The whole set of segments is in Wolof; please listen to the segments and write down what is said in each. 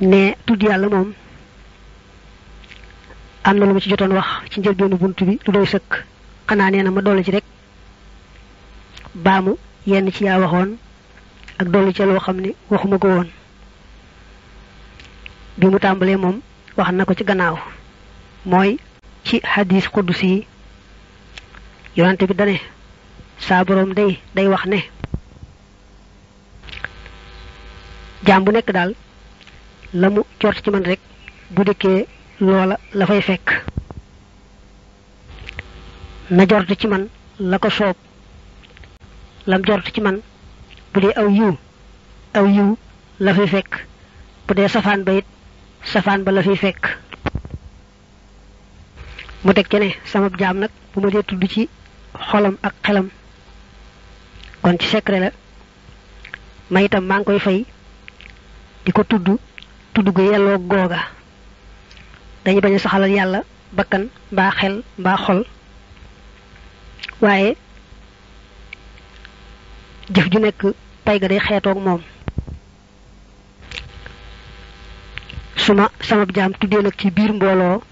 ne tudd yàlla moom am na lu ma ci jotoon wax ci njëlbeenu buntu bi lu doy sëkk xanaa nee na ma dolli ci rek baamu yenn ci yaa waxoon ak dolli ci loo xam ne waxuma ko woon bi mu tàmbalee moom wax na ci gannaaw mooy ci hadis qudus yi yonante bi dane saa borom day day wax ne jaam bu nekk lamu jort ci man rek bu dikke lola la fay fekk na jort ci man la ko soob lam jort ci man bu di aw yu aw yu la fay fekk bu de safan bayit safan ba la fay fekk mu ne sama jam nak bu ma tuddu ci xolam ak xelam kon ci secret la may tam mang koy fay di tuddu tudd gu yelloo googa dañu bañ a saxalal yàlla bakkan mbaa xel mbaa xol waaye jëf ju nekk pay ga day xeetoog moom suma sama jaam tuddee nag ci biir mbooloo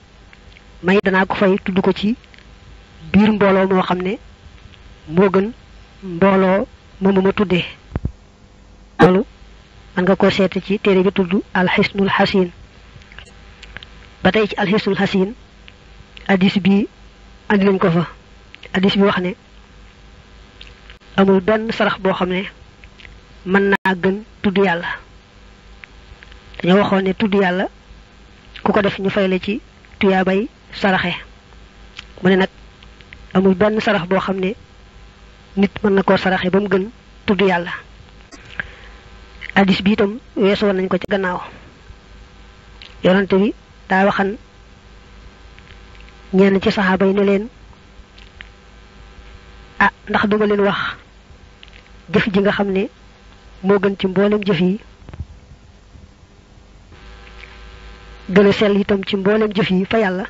may danaa ko fay tudd ko ci biir mbooloo moo xam ne moo gën mbooloo moom ma tuddee man nga ko seet ci téré bi tuddu al hisnul hasin batay ci hisnul hasin hadis bi andi nañ ko fa hadis bi wax ne amul ben sarax bo xam man na gën tuddu yalla dañu waxone tuddu yalla ku ko def ñu fay la ci tuyaabay saraxe mu ne nak amul ben sarax bo nit man na ko saraxé bam gën tuddu yalla hadis bi itam weesoon nañ ko ci gannaaw yonante bi daa waxan ñen ci sahaba yi ne leen ah ndax duma leen wax jëf ji nga xamne ne gën ci mbolam jëf yi gën a sell itam ci mbolam jëf yi fa yalla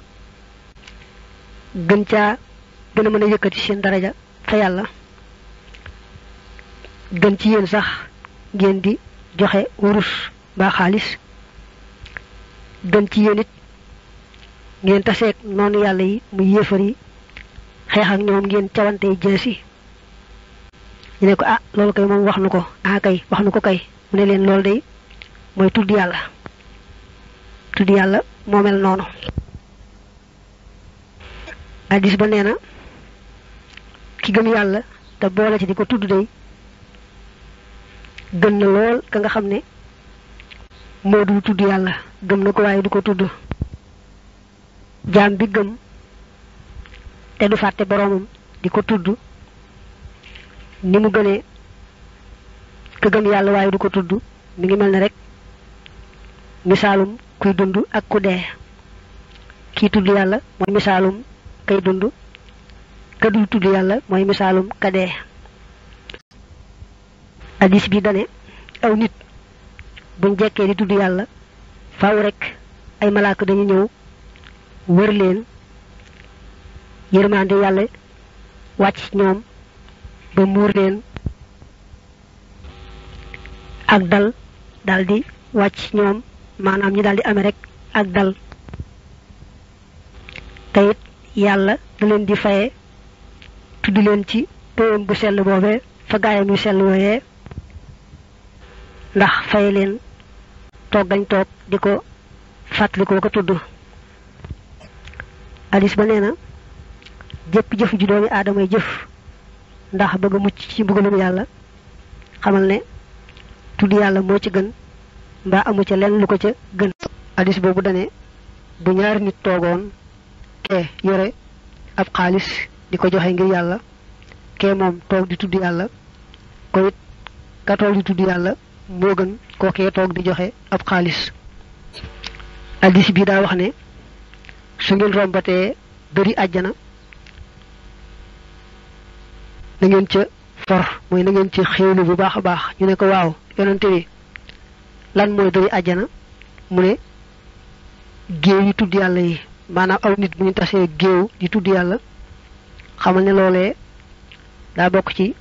gën ca gën a mën seen daraja fa yalla gën ci yeen sax ngeen di joxe wurus ba xaliss dem ci yéen ngeen ngeen taseeg noonu yalla yi mu yéefar xex ak ñoom ngeen cawante jeesi ñene ko ah lolu kay moom wax nu ah kay wax nu kay mu ne len lolu day moy tuddi yalla tuddi yalla mo mel a gis ba neena ki gëm yalla te boole ci diko ko day gën na lool ka nga xam ne du dul tudd yàlla gëm na ko waaye du ko tudd jaam bi gëm té du faté boromum di ko tudd ni mu gënee ka gëm yalla waaye du ko tudd mi ngi melni rek misalum kuy dundu ak ku dé ki tudd yalla moy misalum kay dundu ka du tudd yalla moy misalum ka dé addis bi dane aw nit bu jekkee di tudd yàlla faaw rek ay malaaka dañu ñëw wër leen yërmande yàlla wàcc ñoom ba muur leen ak dal daldi wàcc ñoom maanaam ñi daldi ame rek ak dal teyit yàlla da di faye tudd leen ci péyam bu sell boobee fa gaayam yu sell wooyee ndax fay leen toog gañ toog di ko fàttalikoo ko tudd alis ba nee na jëpp jëf ju doomi aadamay jëf ndax bëgg mucc ci mbugalum yàlla xamal ne tudd yàlla moo ci gën mbaa amu ca lenn lu ko ca gën alis boobu dane bu ñaar nit toogoon kee yore ab xaalis di ko joxe ngir yàlla kee moom toog di tudd yàlla ko it ka toog di tudd yàlla moo gën kookee toog bi joxe ab xaalis addis bii daa wax ne su ngeen rombatee bëri àjjana na ngeen ca for mooy na ngeen ci xéewlu bu baax a baax ñu ne ko waaw yonente bi lan mooy bëri àjjana mu ne géew yi tudd yàlla yi maanaam aw nit bu ñu tasee géew di tudd yàlla xamal ne loolee daa bokk ci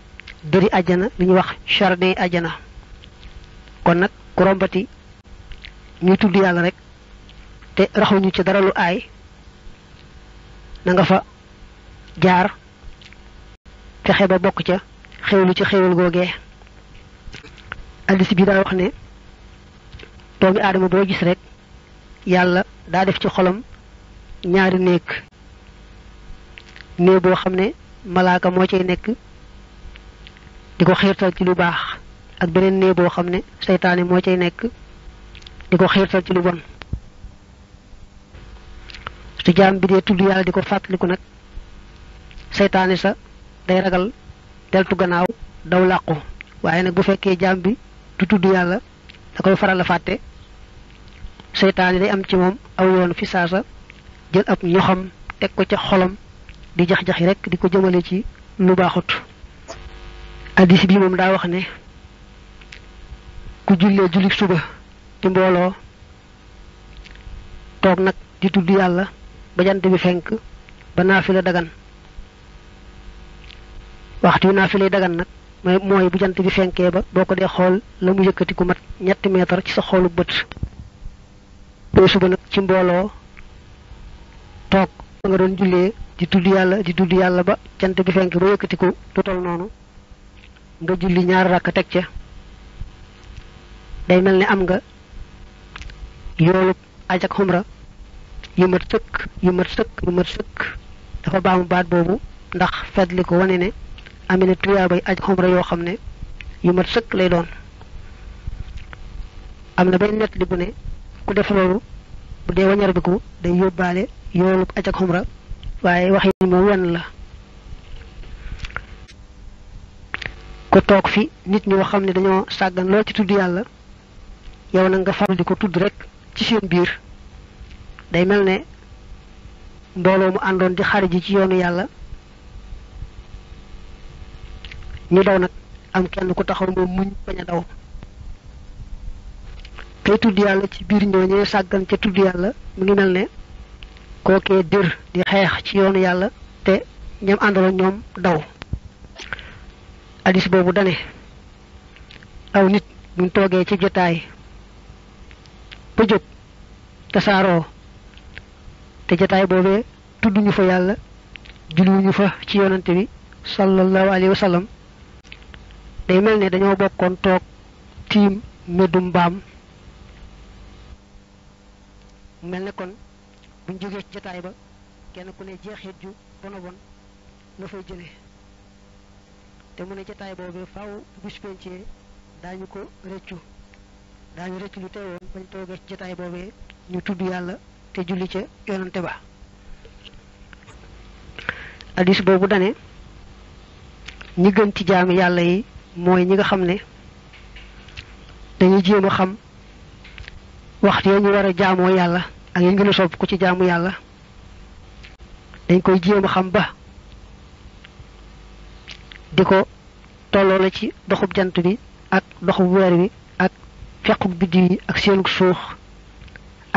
bëri àjjana li ñuy wax jardin àjjana kon nak ku rombati ñu tuddi yalla rek te ñu ci dara lu ay na nga fa jaar fexe ba bokk ca xewlu ci xewal googee addis bi da wax ne doomi aadama bo gis rek yalla da def ci xolam ñaari bo malaka mo cey nekk di ko ci lu bax ak beneen nee boo xam ne seytaane moo cay nekk di ko xiirtal ci lu bon su jaam bi dee tudd yàlla di ko fàttaliku nag seytaane sa day ragal deltu gannaaw daw làqu waaye nag bu fekkee jaam bi du tudd yàlla da koy faral a fàtte seytaane day am ci moom aw yoon fi saasa jël ab ñoxam teg ko ca xolam di jax-jaxi rek di ko jëmale ci lu baaxut addis bi moom daa wax ne julle julik suba ci mbolo tok nak di tuddu yalla ba jant bi fenk ba nafila dagan waxtu nafila dagan nak moy bu jant bi fenke ba boko de xol la mu yëkkati ku mat ñetti meter ci sa xolu bët do suba nak ci mbolo tok nga doon julle di tuddu yalla di tuddu yalla ba jant bi fenk ba ku tutal nonu nga julli ñaar rak tek ca day mel ni am nga yoolub aj ak xumra yu mat sëkk yu mat sëkk yu sëkk dafa baamu baat boobu ndax fetli ko wane ne amee na tuyaabay aj xumra yoo xam ne yu mat sëkk lay doon am na bay nett li bu ne ku def loolu bu dee wañar bi ko day yóbbaale yoolub aj xumra waaye wax moom wenn la ko toog fi nit ñoo xam ne dañoo sàggan lool ci tudd yàlla yow na nga faral di tudd rek ci seen biir day mel ne mbooloo mu àndoon di xare ji ci yoonu yàlla ñu daw nag am kenn ku taxaw moom muñ bañ a daw kay tudd yàlla ci biir ñooñee sàggan ca tudd yàlla mu ngi mel ne kookee dër di xeex ci yoonu yàlla te ñam àndalo ñoom daw hadis boobu dane aw nit buñ toogee ci jotaay ba jóg tasaaroo te jataay boobee tudduñu fa yàlla julluñu fa ci yonante bi sallallahu alayhi day mel ne dañoo bokkoon toog tiim meddum mbaam mel ne kon buñ jógee ci jataay ba kenn ku ne jeexit ju bono bon fay jële te mu ne jataay boobee faaw bis pencee daañu ko rëccu daañu rëcc lu teewoon bañ toogee ci jotaay boobee ñu tudd yàlla te julli ca yonante ba addis boobu dane ñi gën ci jaami yàlla yi mooy ñi nga xam ne dañuy jéem a xam waxtu ya ñu war a jaamoo yàlla ak yi gën a sopp ko ci jaamu yàlla dañ koy jéem xam ba di ko tolloo la ci doxub jant bi ak doxub weer bi ak fekkuk biddi ak seenuk suux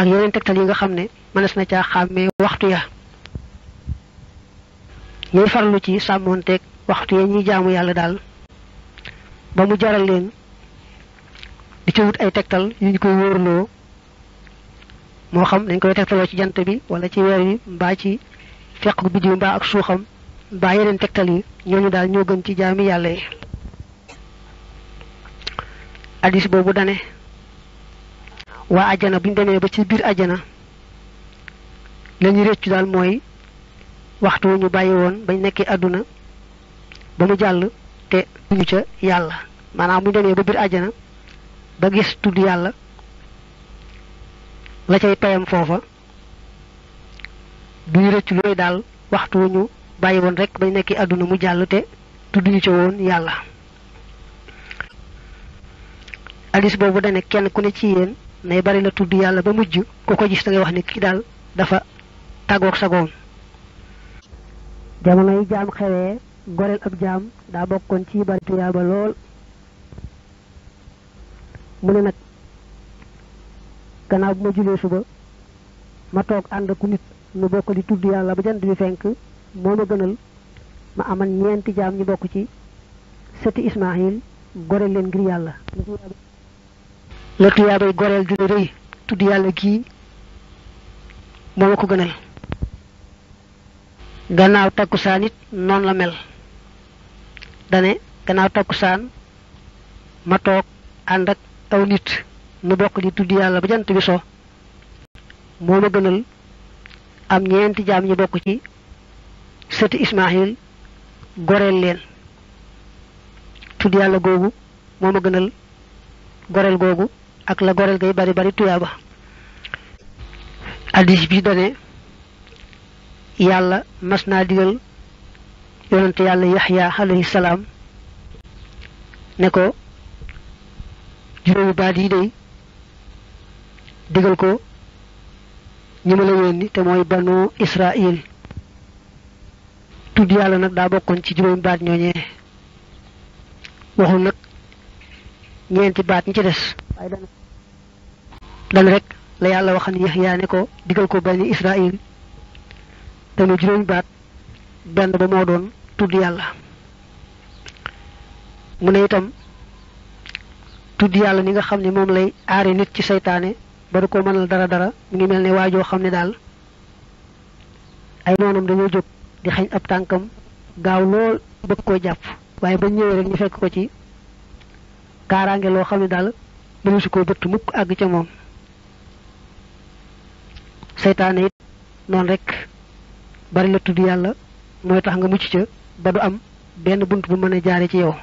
ak yeneen tegtal yi nga xam ne mënees na caa xàmmee waxtu ya ñuy farlu ci sàmmoonteeg waxtu ya ñuy jaamu yàlla daal ba mu jaral leen di ci wut ay tegtal yu ñu koy wóorloo moo xam dañ koy tegtaloo ci jant bi wala ci weer wi mbaa ci fekkuk biddi mbaa ak suuxam mbaa yeneen tegtal yi ñooñu daal ñoo gën ci jaami yàlla yi hadis boobu dane waa ajana bu ñu demee ba ci biir ajana la réccu daal mooy waxtu wu ñu bàyyi woon bañ nekkee àdduna ba mu jàll te duñu ca yàlla maanaam bu ñu demee ba biir ajana ba gis tudd yàlla la cay payam foofa duñu rëcc looy daal waxtu wu ñu bàyyi woon rek bañ nekkee àdduna mu jàll te tudduñu ca woon yàlla hadis boobu dane kenn ku ne ci yéen nay bari la tudd yàlla ba mujj ku ko gis da ngay wax ne kii daal dafa tàggoog sagoom jamono yi jaam xewee goreel ab jaam daa bokkoon ci bari tuyaaba lool mu ne nag gannaaw bu ma julee suba ma toog ànd ku nit nu bokk di tudd yàlla ba jant bi fenk moo ma gënal ma aman ñeenti jaam ñi bokk ci sëti Ismaayil goreel leen ngir yàlla la tuyaabay goreel ju rëy tudd yàlla gii moo ma ko gënal gannaaw takkusaan it noonu la mel dane gannaaw takkusaan ma toog ànd ak aw nit mu bokk di tudd yàlla ba jant bi so moo ma gënal am ñeenti jaam ñu bokk ci sëti Ismaayil goreel leen tudd yàlla googu moo ma gënal goreel googu ak la goreel gay bari bari tuyaaba addis bi dane yàlla mas naa digal yonante yàlla yaxya alayhi salaam ne ko juróomi baat yi day digal ko ñi ma la yónni te mooy banu israil tudd yàlla nag daa bokkoon ci juróomi baat ñooñee waxul nag ñeenti baat ñi ci des loolu rek la yàlla ni yahya ne ko digal ko bani israil te lu juróomi baat benn ba moo doon tudd yàlla mu ne itam tudd yàlla ni nga xam ne moom lay aare nit ci seytaane ba du ko mënal dara dara mu ngi mel ne waajoo xam ne daal ay noonam dañoo jóg di xañ ab tànkam gaaw lool bëgg koo jàpp waaye ba ñëwee rek ñu fekk ko ci kaaraange loo xam ne mënu si koo bëtt mukk àgg ca moom seytaane it noonu rek bari la tudd yàlla mooy tax nga mucc ca ba du am benn bunt bu mën a jaare ci yow